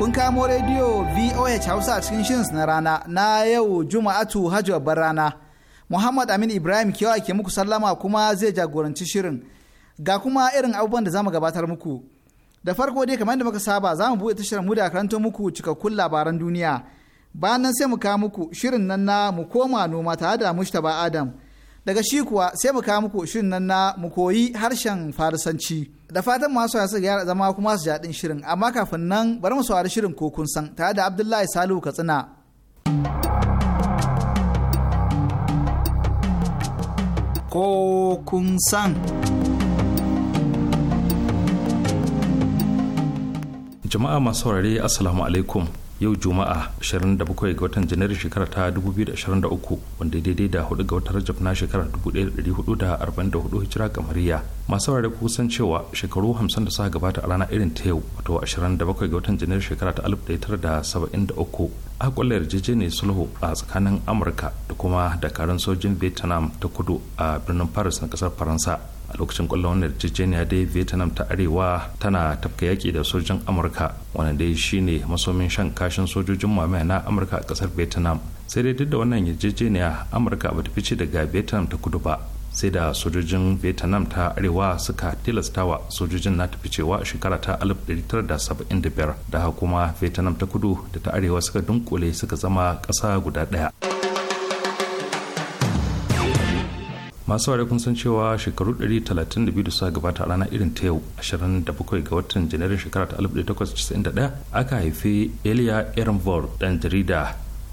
Kun kamo rediyo VOH Hausa a cikin shirin na rana na yau Juma'atu Hajji babban rana. Muhammad Amin Ibrahim kewa ke muku sallama kuma zai jagoranci shirin. Ga kuma irin abubuwan da zamu gabatar muku. Da farko dai kamar da muka saba zamu buɗe tashar mu da karanto muku cikakkun labaran duniya. Bayan nan sai mu kawo muku shirin nan na mu koma noma tare da Mustapha Adam. Daga shi kuwa sai mu kawo muku shirin nan na mu koyi harshen Farisanci. da fatan masu ya gyara zama kuma su jaɗin shirin amma kafin nan bari mu saurari shirin ko kun san tare da abdullahi salihu katsina ko kun san jama'a masu saurari assalamu alaikum yau juma'a 27 ga watan janairu shekara ta 2023 wanda daidai da 4 ga watan rajab na shekara 1444 hijira kamariya masu saurare ku san cewa shekaru 50 da suka gabata a rana irin ta yau wato 27 ga watan janairu shekara ta 1973 aka kwallo ne sulhu a tsakanin amurka da kuma dakarun sojin vietnam ta kudu a birnin paris na kasar faransa a lokacin kwallon wannan yarjejeniya dai vietnam ta arewa tana tafka yaki da sojojin amurka wanda dai shine masomin shan kashin sojojin mamaya na amurka a kasar vietnam sai dai duk da wannan yarjejeniya amurka ba ta fice daga vietnam ta kudu ba sai da sojojin vietnam ta arewa suka tilastawa sojojin na tafi cewa a shekara ta 1975 da kuma vietnam ta kudu da ta arewa suka dunkule suka zama ƙasa guda ɗaya. masu ware kun san cewa shekaru 132 da suka gabata a rana irin ta yau 27 ga watan janairun shekara ta 1891 aka haifi elia ehrenvold dan jarida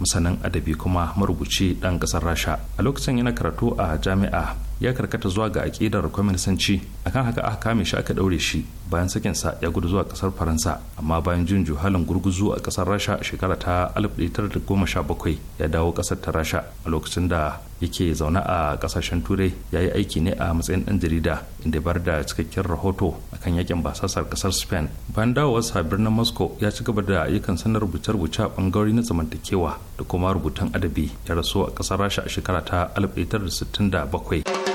masanin adabi kuma marubuci dan kasar rasha a lokacin yana karatu a jami'a ya karkata zuwa ga aƙidar kwaminisanci akan haka aka kame shi aka ɗaure shi bayan sakin sa ya gudu zuwa ƙasar faransa amma bayan jin juhalin gurguzu a ƙasar rasha a shekara ta 1917 ya dawo ƙasar ta rasha a lokacin da yake zaune a ƙasashen turai ya yi aiki ne a matsayin ɗan jarida inda bar da cikakken rahoto akan yakin basasar ƙasar spain bayan dawowarsa birnin moscow ya ci gaba da yakan sanar rubuce-rubuce a bangarori na zamantakewa da kuma rubutun adabi ya rasu a ƙasar rasha a shekara ta 1967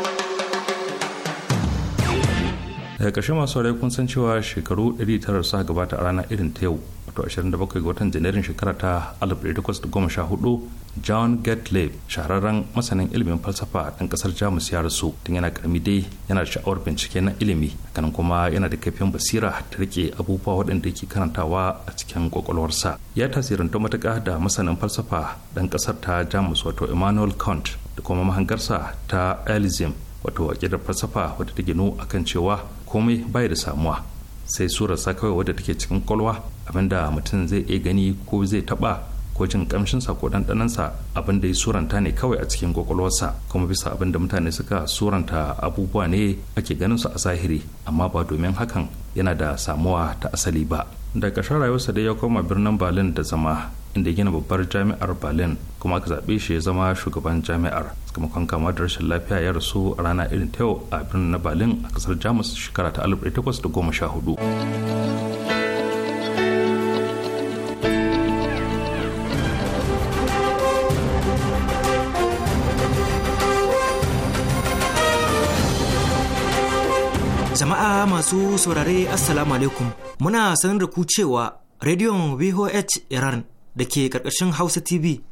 daga ƙarshe masu rai kun san cewa shekaru 900 suka gabata a ranar irin ta yau wato 27 ga watan janairun shekara ta 1814 john gatlib shahararren masanin ilimin falsafa ɗan ƙasar jamus ya rasu tun yana karami dai yana da sha'awar bincike na ilimi kanan kuma yana da kaifin basira ta rike abubuwa waɗanda yake karantawa a cikin kwakwalwarsa ya tasirinta matuka da masanin falsafa ɗan ƙasar ta jamus wato emmanuel kant da kuma mahangarsa ta alizim wato aƙidar falsafa wadda ta ginu akan cewa komai bai da samuwa sai surar sa kawai wadda take cikin kwalwa abinda mutum zai iya gani ko zai taba ko jin kamshinsa ko ɗanɗanansa abin da ya suranta ne kawai a cikin kwakwalwarsa kuma bisa abin da mutane suka suranta abubuwa ne ake ganin su a zahiri amma ba domin hakan yana da samuwa ta asali ba da ƙarshen rayuwarsa dai ya koma birnin berlin da zama inda gina babbar jami'ar berlin kuma aka zaɓe shi ya zama shugaban jami'ar sakamakon kama da rashin lafiya ya rasu a rana irin ta yau a birnin na berlin a kasar jamus shekara ta 1814 Jama'a masu saurare Assalamu alaikum muna sanar da ku cewa rediyon VOH Iran da ke ƙarƙashin Hausa TV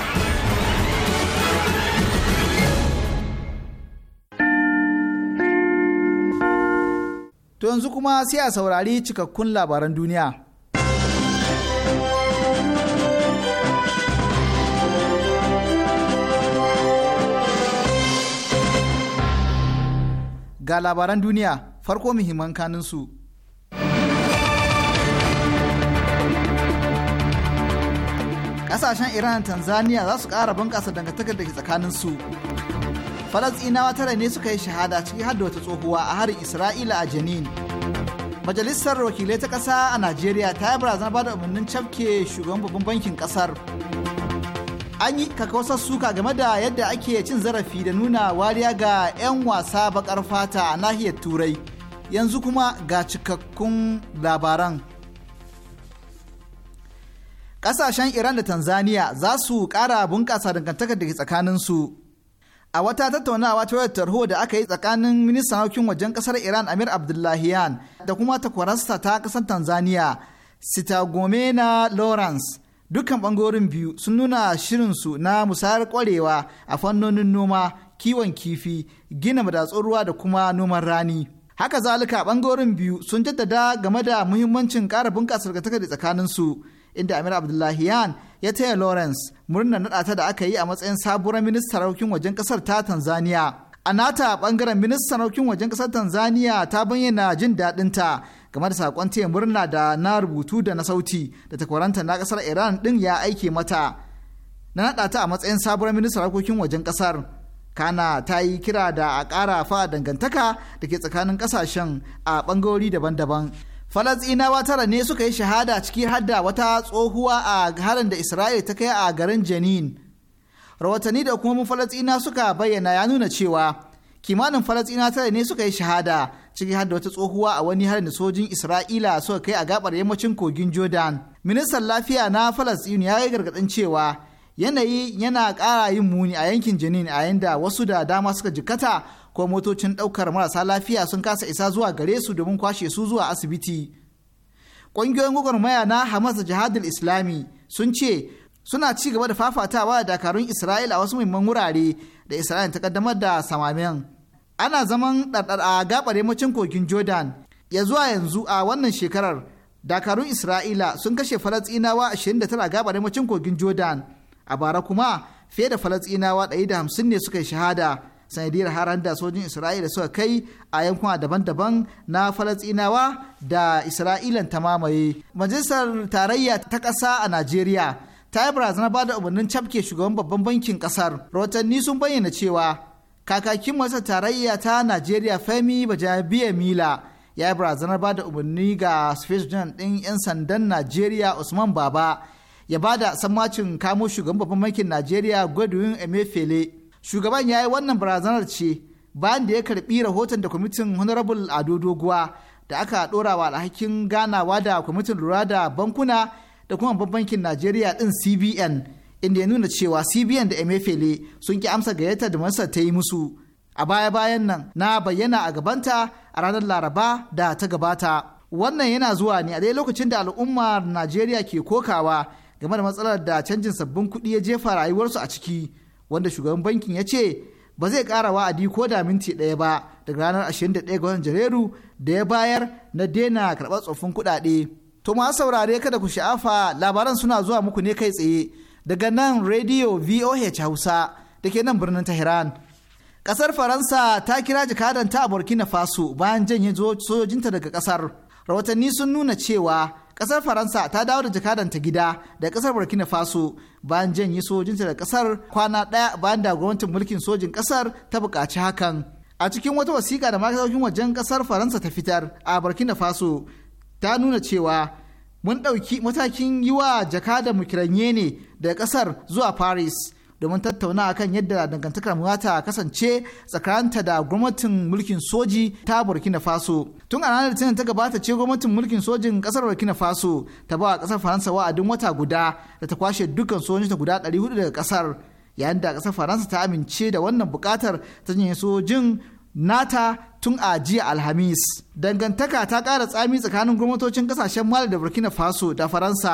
yanzu kuma sai a saurari cikakkun labaran duniya. Ga labaran duniya farko muhimman kaninsu. Ƙasashen Iran da Tanzania za su ƙara bunƙasa dangantakar da ke tsakaninsu. falasɗinawa tara ne suka yi shahada ciki har da wata tsohuwa a harin isra'ila a janin majalisar wakilai ta ƙasa a najeriya ta yi ba da umarnin cafke shugaban babban bankin ƙasar an yi kakawasar suka game da yadda ake cin zarafi da nuna wariya ga 'yan wasa baƙar fata a nahiyar turai yanzu kuma ga cikakkun labaran ƙasashen iran da tanzania za su ƙara bunƙasa dangantakar da ke tsakaninsu a wata tattaunawa ta wayar tarho da aka yi tsakanin ministan harkokin wajen kasar iran amir abdullahiyan da kuma takwarasta ta kasar tanzania sitagomena lawrence dukkan bangorin biyu sun nuna shirinsu na musayar kwarewa a fannonin noma kiwon kifi gina madatsun ruwa da kuma noman rani haka zalika bangorin biyu sun jaddada game da muhimmancin ƙara bunƙasa tsakanin su. inda Amir yan ya taya Lawrence murnar naɗa ta da aka yi a matsayin sabuwar ministan harkokin wajen kasar ta Tanzania. A nata ɓangaren ministan harkokin wajen kasar Tanzania ta bayyana jin daɗin ta game da saƙon taya murna da na rubutu da na sauti da takwaranta na kasar Iran din ya aike mata. Na naɗa ta a matsayin sabuwar ministan harkokin wajen ƙasar. kana ta yi kira da a ƙara fa dangantaka da ke tsakanin ƙasashen a ɓangarori daban-daban Falasɗinawa tara ne suka yi shahada ciki hadda wata tsohuwa a harin da isra'ila ta kai a garin Janin. rawatanni da kuma Falasɗina suka bayyana ya nuna cewa kimanin Falasɗina tara ne suka yi shahada ciki hadda wata tsohuwa a wani harin da sojin Isra'ila suka kai a gabar yammacin kogin Jordan. Ministan lafiya na Falasɗinu ya yi gargaɗin cewa yanayi yana ƙara yin muni a yankin Jenin a yanda wasu da dama suka jikkata ko motocin ɗaukar marasa lafiya sun kasa isa zuwa gare su domin kwashe su zuwa asibiti. Ƙungiyoyin gwagwarmaya na Hamas da Jihadul Islami sun ce suna ci gaba da fafatawa da dakarun Isra'ila a wasu muhimman wurare da Isra'ila ta kaddamar da samamen. Ana zaman ɗarɗar a gaɓar yammacin kogin Jordan ya zuwa yanzu a wannan shekarar dakarun Isra'ila sun kashe Falasɗinawa 29 a gaɓar yammacin kogin Jordan. a bara kuma fiye da da 150 ne suka yi shahada sanadiyar haran da sojin isra'ila suka kai a yankuna daban-daban na falasɗinawa da isra'ilan ta mamaye majalisar tarayya ta ƙasa a najeriya ta yi barazana ba da umarnin cafke shugaban babban bankin ƙasar rahotanni sun bayyana cewa kakakin majalisar tarayya ta najeriya femi bajabiya mila ya yi barazanar ba da umarni ga space ɗin 'yan sandan najeriya usman baba ya ba da sammacin kamo shugaban babban bankin Najeriya Godwin Emefiele. Shugaban ya yi wannan barazanar ce bayan da ya karbi rahoton da kwamitin Honorable Ado Doguwa da aka ɗora wa alhakin ganawa da kwamitin lura da bankuna da kuma babban bankin Najeriya ɗin CBN inda ya nuna cewa CBN da Emefiele sun ki amsa gayyatar da masar ta yi musu. A baya-bayan nan na bayyana a gabanta a ranar Laraba da ta gabata. Wannan yana zuwa ne a dai lokacin da al'ummar Najeriya ke kokawa game da matsalar da canjin sabbin kuɗi ya jefa rayuwarsu a ciki wanda shugaban bankin ya ce ba zai kara wa'adi ko da minti ɗaya ba daga ranar 21 ga watan Janairu da ya bayar na dena karɓar tsoffin kuɗaɗe. To ma saurare kada ku sha'afa labaran suna zuwa muku ne kai tsaye daga nan Radio VOH Hausa da ke nan birnin Tehran. Ƙasar Faransa ta kira jikadanta a Burkina Faso bayan janye sojojinta daga ƙasar. Rahotanni sun nuna cewa kasar faransa ta dawo da jakadanta gida da kasar burkina faso bayan janye sojinta da kasar kwana daya bayan da gwamnatin mulkin sojin kasar ta bukaci hakan a cikin wata wasiƙa da makasaukin wajen kasar faransa ta fitar a burkina faso ta nuna cewa mun ɗauki matakin yi wa jakadan mu kiranye ne daga kasar zuwa paris domin tattauna akan yadda dangantakar mu ta kasance tsakaninta da gwamnatin mulkin soji ta Burkina Faso. Tun a ranar Litinin ta gabata ce gwamnatin mulkin sojin kasar Burkina Faso ta ba kasar Faransa wa'adin wata guda da ta kwashe dukkan sojinta guda 400 daga kasar yayin da kasar Faransa ta amince da wannan bukatar ta janye sojin nata tun a jiya alhamis dangantaka ta ƙara tsami tsakanin gwamnatocin kasashen mali da burkina faso da faransa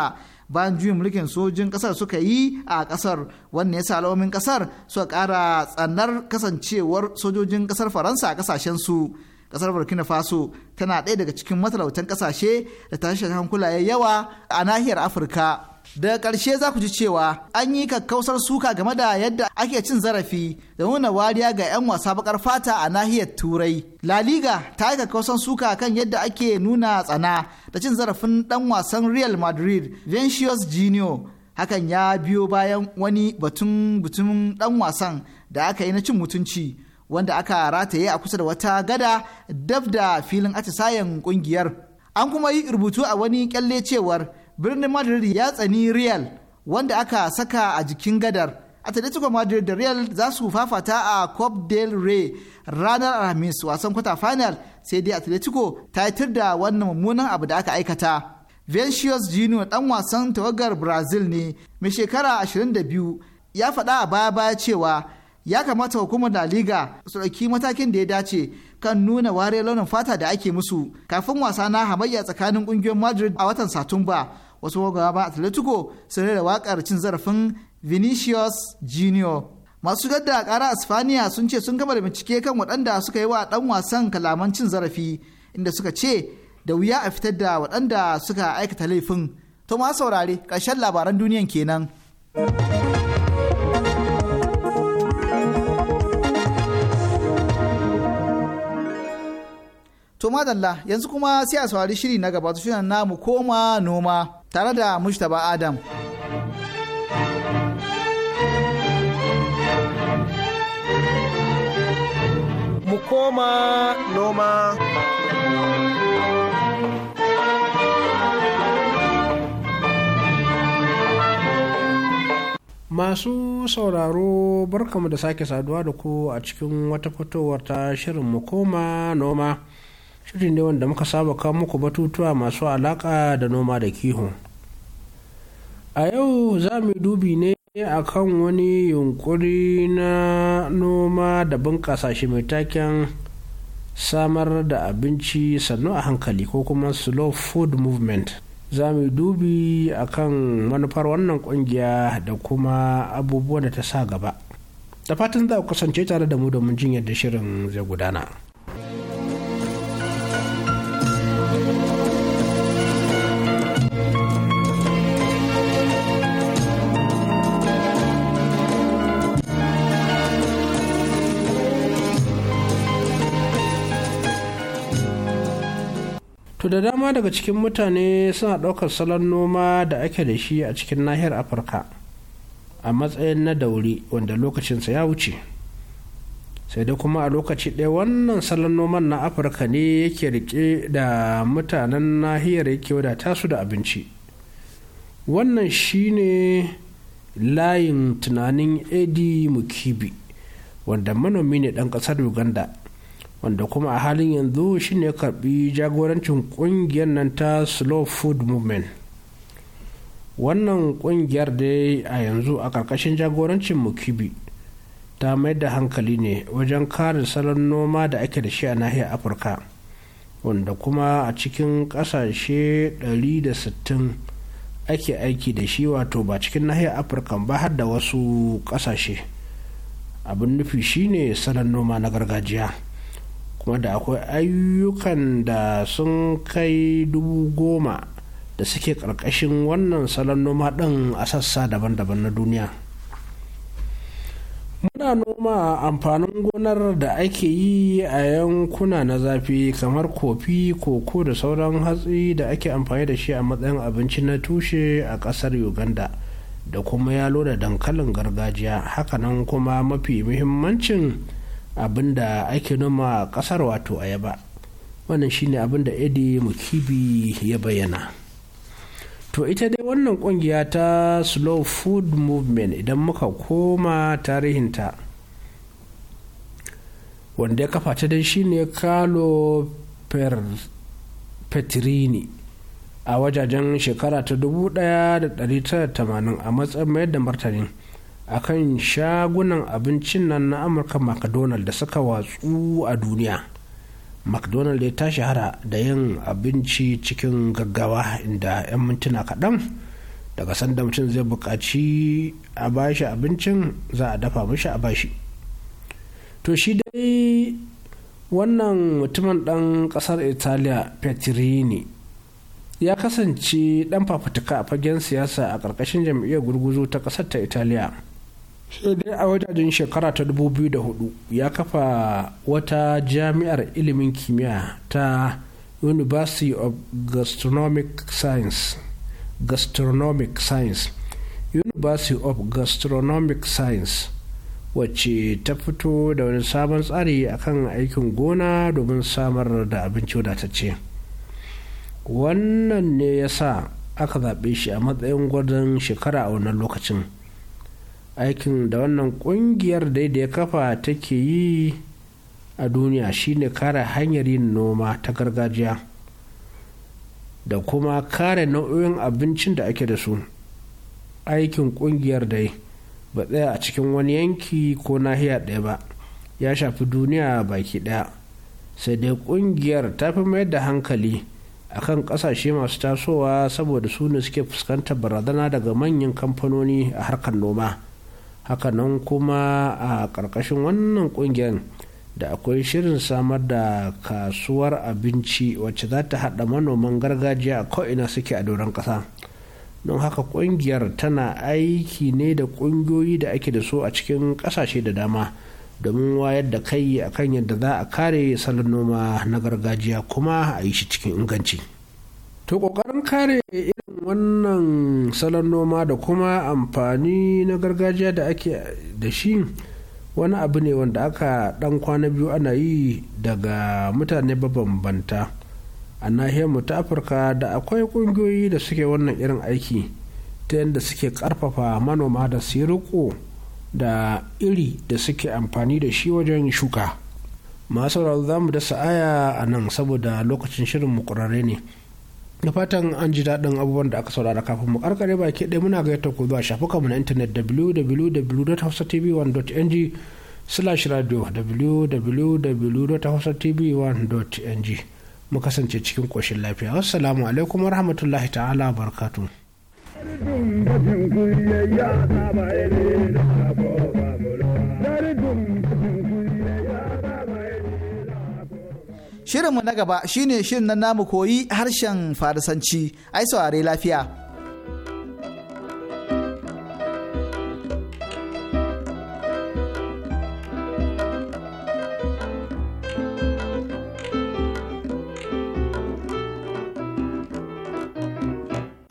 bayan juyin mulkin sojin kasar suka yi a kasar ya yasa alamomin kasar suka kara tsanar kasancewar sojojin kasar faransa a kasashen su kasar burkina faso tana ɗaya daga cikin matalautan kasashe da tashin hankula ya yawa a nahiyar afirka daga ƙarshe za ku ji cewa an yi kakkausar suka game da yadda ake cin zarafi da nuna wariya ga 'yan wasa baƙar fata a nahiyar turai laliga ta yi kakkausar suka kan yadda ake nuna tsana da cin zarafin dan wasan Real Madrid Vinicius Junior hakan ya biyo bayan wani batun butumin dan wasan da aka yi na cin mutunci wanda aka rataye a kusa da wata gada dab da filin atisayen kungiyar an kuma yi rubutu a wani kyalle cewar birnin Madrid ya tsani Real wanda aka saka a jikin gadar atletico madrid da real za su fafata a cop del rey ranar alhamis wasan kwata final sai dai atletico ta yitar da wannan mummunan abu da aka aikata Vinícius Junior dan wasan tawagar Brazil ne mai shekara 22 ya faɗa a baya-baya cewa ya kamata hukumar da liga su ɗauki matakin da ya dace kan nuna wariyar launin fata da ake musu kafin wasa na hamayya tsakanin kungiyar Madrid a watan Satumba wasu ba Atletico sun rera waƙar cin zarafin vinicius junior masu shigar da kara a sun ce sun gama da bincike kan waɗanda suka yi wa ɗan wasan kalaman cin zarafi inda suka ce da wuya a fitar da waɗanda suka aikata laifin to ma saurare ƙarshen labaran duniyan kenan. To madalla yanzu kuma sai a saurari shiri na gaba shirin namu koma noma tare da Mustapha Adam. mu koma noma. Masu sauraro barkamu da sake saduwa da ku a cikin wata fitowar ta shirin mu koma noma. Shirin ne wanda muka saba kawo muku batutuwa masu alaka da noma da kihu A yau za mu dubi ne a kan wani yunkuri na noma da bunƙasa shi mai taken samar da abinci sannu a hankali ko kuma slow food movement za mu dubi a kan manufar wannan kungiya da kuma abubuwan da ta sa gaba da fatan za ku kasance tare da mu domin jin yadda shirin zai gudana. to da dama daga cikin mutane suna ɗaukar salon noma da ake da shi a cikin nahiyar afirka a matsayin na dauri wanda lokacinsa ya wuce sai dai kuma a lokaci ɗaya wannan salon noman na afirka ne yake rike da mutanen nahiyar yake wadata su da abinci wannan shine layin tunanin edi mukibi wanda manomi ne ɗan ƙasar uganda wanda kuma a halin yanzu shine ya karbi jagorancin kungiyar nan ta slow food movement wannan kungiyar dai a yanzu a karkashin jagorancin mukibi ta mai da hankali ne wajen kare salon noma da ake da shi a nahiyar afirka wanda kuma a cikin kasashe 160 ake aiki da shi wato ba cikin nahiyar afirka ba har da wasu kasashe abin nufi shine salon noma na gargajiya kuma da akwai ayyukan da sun kai dubu goma da suke ƙarƙashin wannan salon noma ɗin a sassa daban-daban na duniya muna noma amfanin gonar da ake yi a yankuna na zafi kamar kofi koko da sauran hatsi da ake amfani da shi a matsayin abinci na tushe a ƙasar uganda da kuma yalo da dankalin gargajiya hakanan kuma mafi muhimmancin abinda ake noma a kasar wato ayaba wannan shine abinda eddie mukibi ya bayyana to ita dai wannan kungiya ta slow food movement idan muka koma tarihinta wanda ya kafa ta dai shine carlo petrini a wajajen shekara ta 1980 a matsayin mayar da martani akan shagunan abincin nan na amurka mcdonald da suka watsu a duniya mcdonald ya ta shahara da yin abinci cikin gaggawa inda 'yan mintuna kaɗan daga sanda mutum zai buƙaci a bashi abincin za a dafa mishi a bashi to shi dai wannan mutumin ɗan ƙasar italiya petrini ya kasance ɗan fafutuka a fagen siyasa a ƙarƙashin jam'iyyar gurguzu ta ƙasar ta italiya sai dai a wajajen shekara ta 2004 ya kafa wata jami'ar ilimin kimiyya ta university of gastronomic science gastronomic science university of gastronomic science wacce ta fito da wani sabon tsari akan aikin gona domin samar da abinci wadatacce wannan ne ya sa aka zaɓe shi a matsayin gwajin shekara a wannan lokacin aikin da wannan kungiyar da ya kafa take yi a duniya shine kare hanyar yin noma ta gargajiya da kuma kare nau'o'in abincin da ake da su aikin kungiyar dai ba tsaya a cikin wani yanki ko nahiya ɗaya ba ya shafi duniya baki ɗaya sai dai kungiyar ta fi mayar da hankali a kan ƙasashe masu tasowa saboda su ne suke fuskantar barazana daga manyan kamfanoni a harkar noma. hakanan kuma a ƙarƙashin wannan ƙungiyar da akwai shirin samar da kasuwar abinci wacce za ta haɗa manoman gargajiya a ko'ina suke a doron ƙasa don haka ƙungiyar tana aiki ne da ƙungiyoyi da ake da su a cikin ƙasashe da dama domin wayar da kai akan yadda za a kare salon noma na gargajiya kuma a yi shi cikin inganci. to ƙoƙarin kare irin wannan salon noma da kuma amfani na gargajiya da ake da shi wani abu ne wanda aka ɗan kwana biyu ana yi daga mutane mabambanta a nahiyar mu ta afirka da akwai kungiyoyi da suke wannan irin aiki ta yadda suke ƙarfafa manoma da su riko da iri da suke amfani da shi wajen shuka masu za mu da sa'aya a nan saboda lokacin shirin mu ƙurare ne. da fatan an ji daɗin abubuwan da aka saurara kafin mu karkare baki ɗaya muna gayyata ku zuwa shafukanmu na intanet www.hausatv1.ng slash radio www.hausatv1.ng mu kasance cikin ƙoshin lafiya wassalamu alaikum rahmatullahi ta'ala barkatu. Shirinmu na gaba shine shirin na namu koyi harshen Farisanci, ai saurare lafiya.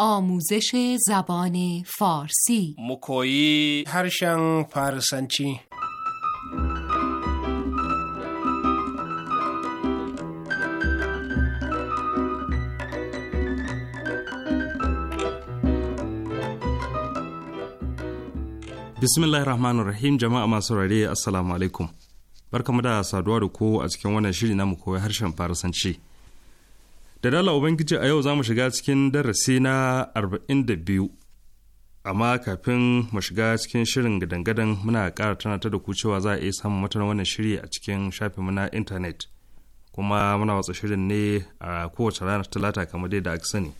آموزش زبان فارسی مکویی هرشن فارسنچی Bismillahirrahmanirrahim jama'a masu rare assalamu alaikum. Barkamu da saduwa da ku a cikin wannan shiri mu koyi harshen Farisanci. Da dala Ubangiji a yau za mu shiga cikin darasi na arba'in da biyu amma kafin mu shiga cikin shirin gadangadan muna ƙara tunatar da ku cewa za a iya samun matan wannan shiri a cikin mu na intanet kuma muna watsa shirin ne a kowace ranar talata kamar dai da aka sani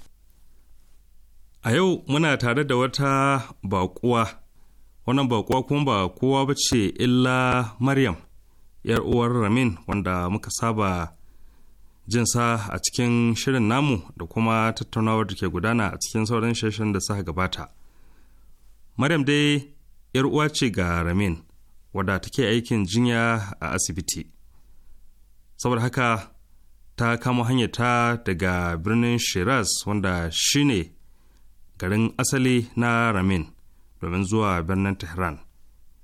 a yau muna tare da wata baƙuwa wannan ba kuwa kuma ba kowa ba ce illa maryam yar uwar ramin wanda muka saba jinsa a cikin shirin namu da kuma tattaunawar da ke gudana a cikin sauran shashen da suka gabata maryam dai yar uwa ce ga ramin wadda take aikin jinya a asibiti saboda haka ta kamo hanyarta daga birnin shiraz wanda shine garin asali na ramin domin zuwa birnin tehran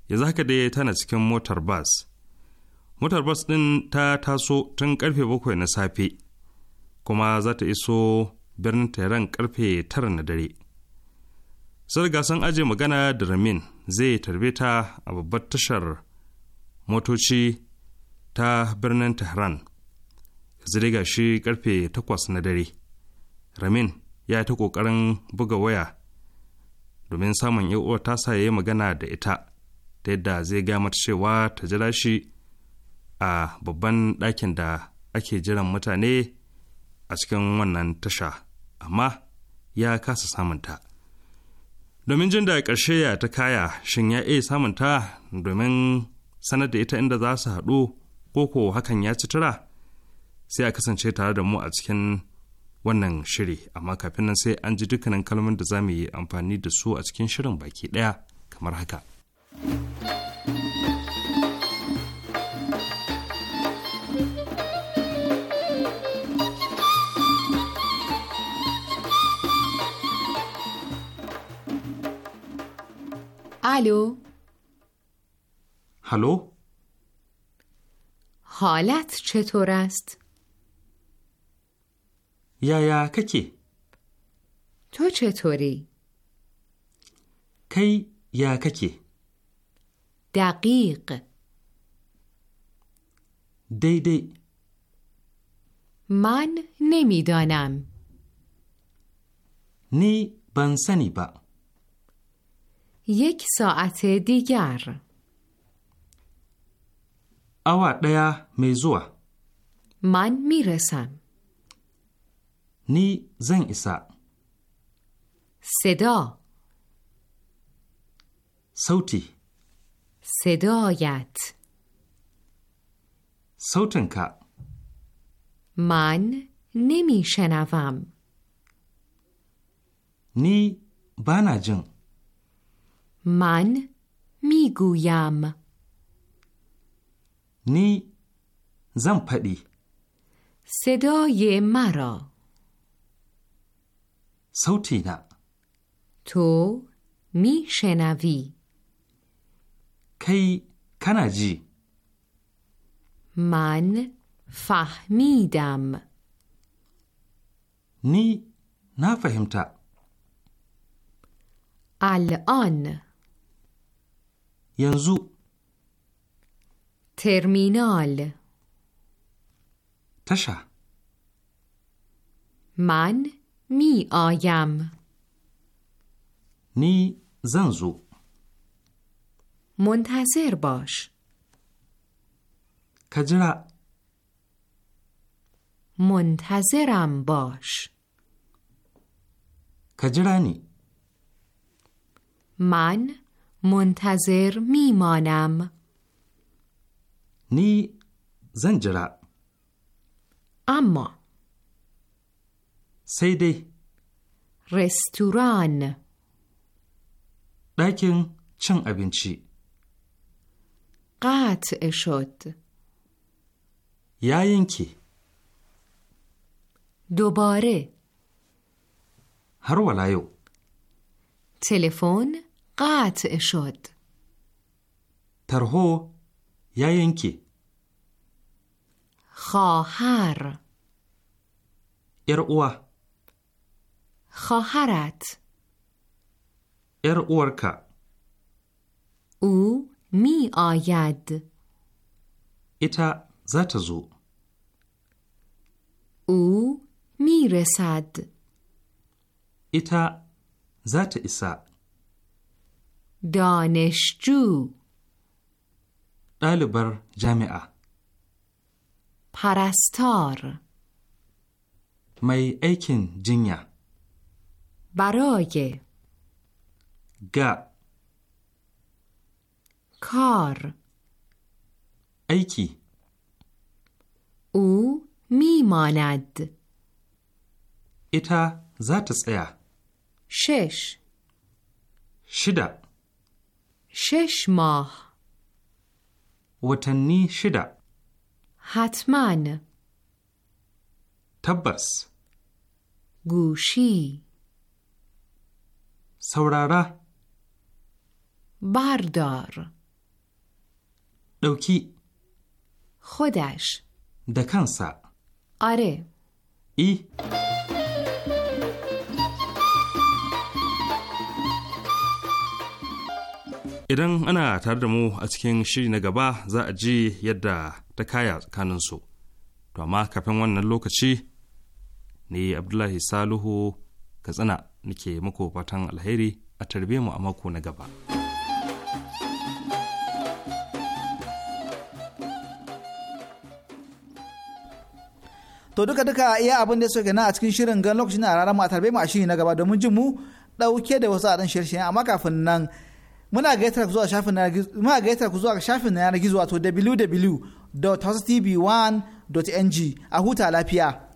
yanzu haka dai tana cikin motar bas motar bas ɗin ta taso tun ƙarfe bakwai na safe kuma za ta iso birnin tehran ƙarfe tara na dare sun riga sun aje magana da ramin zai tarbe ta a babbar tashar motoci ta birnin tehran yanzu dai gashi karfe takwas na dare ramin ya yi ta ƙoƙarin buga waya domin samun uwar ta sa ya yi magana da ita ta yadda zai gaya mata cewa ta jira shi a babban ɗakin da ake jiran mutane a cikin wannan tasha amma ya kasa samunta domin jin da ƙarshe ya ta kaya shin ya iya samunta domin sanar da ita inda za su haɗu ko ko hakan ya ci tura sai a kasance tare da mu a cikin wannan shiri amma kafin nan sai an ji dukkanin kalmomin da za mu yi amfani da su a cikin shirin baki ɗaya kamar haka. Alo. Halo. حالت چطور است؟ یا ککی تو چطوری؟ کی یا ککی دقیق دی من نمیدانم نی بنسنی با یک ساعت دیگر اوا دیا میزوه من میرسم ni zan isa. Sedo. Sauti. Sedoyat. Sautinka. Man nemi shanavam. Ni bana jin. Man miguyam. Ni zan faɗi. صدای مرا Sautina. To mi shenavi. Kai kana ji. Man fahmidam. Ni na fahimta. Al'an. Yanzu. Terminal. Tasha. Man fahmidam. می آیم نی زنزو منتظر باش کجرا منتظرم باش کجرانی من منتظر مانم نی زنجرا اما sai dai restoran ɗakin cin abinci ƙat eshot yayinki dubare har wala yau telefon ƙat eshot tarho yayinki خواهر ار اوه خواهرت ار er اورکا او می آید ایتا زت زو او می رسد ایتا زت ایسا دانشجو طالبر جامعه پرستار می ایکن جنیه برای گ کار ایکی او میماند ایتا زاتس ایا شش شدا شش ماه وطنی شدا حتما تبس گوشی saurara. bardar ɗauki. Khodash. da kansa. are. i idan ana tare da mu a cikin shiri na gaba za a ji yadda ta kaya tsakaninsu to amma kafin wannan lokaci ne abdullahi saluhu katsina nake muku fatan alheri a tarbe mu a mako na gaba. To duka duka iya abin da suke na a cikin shirin gan lokacin na ranar mu a tarbe mu a shiri na gaba domin jin mu dauke da wasu adan shirye amma kafin nan muna gaitar ku zuwa shafin na muna gaitar ku zuwa shafin na gizo wato wwwtv 1ng a huta lafiya.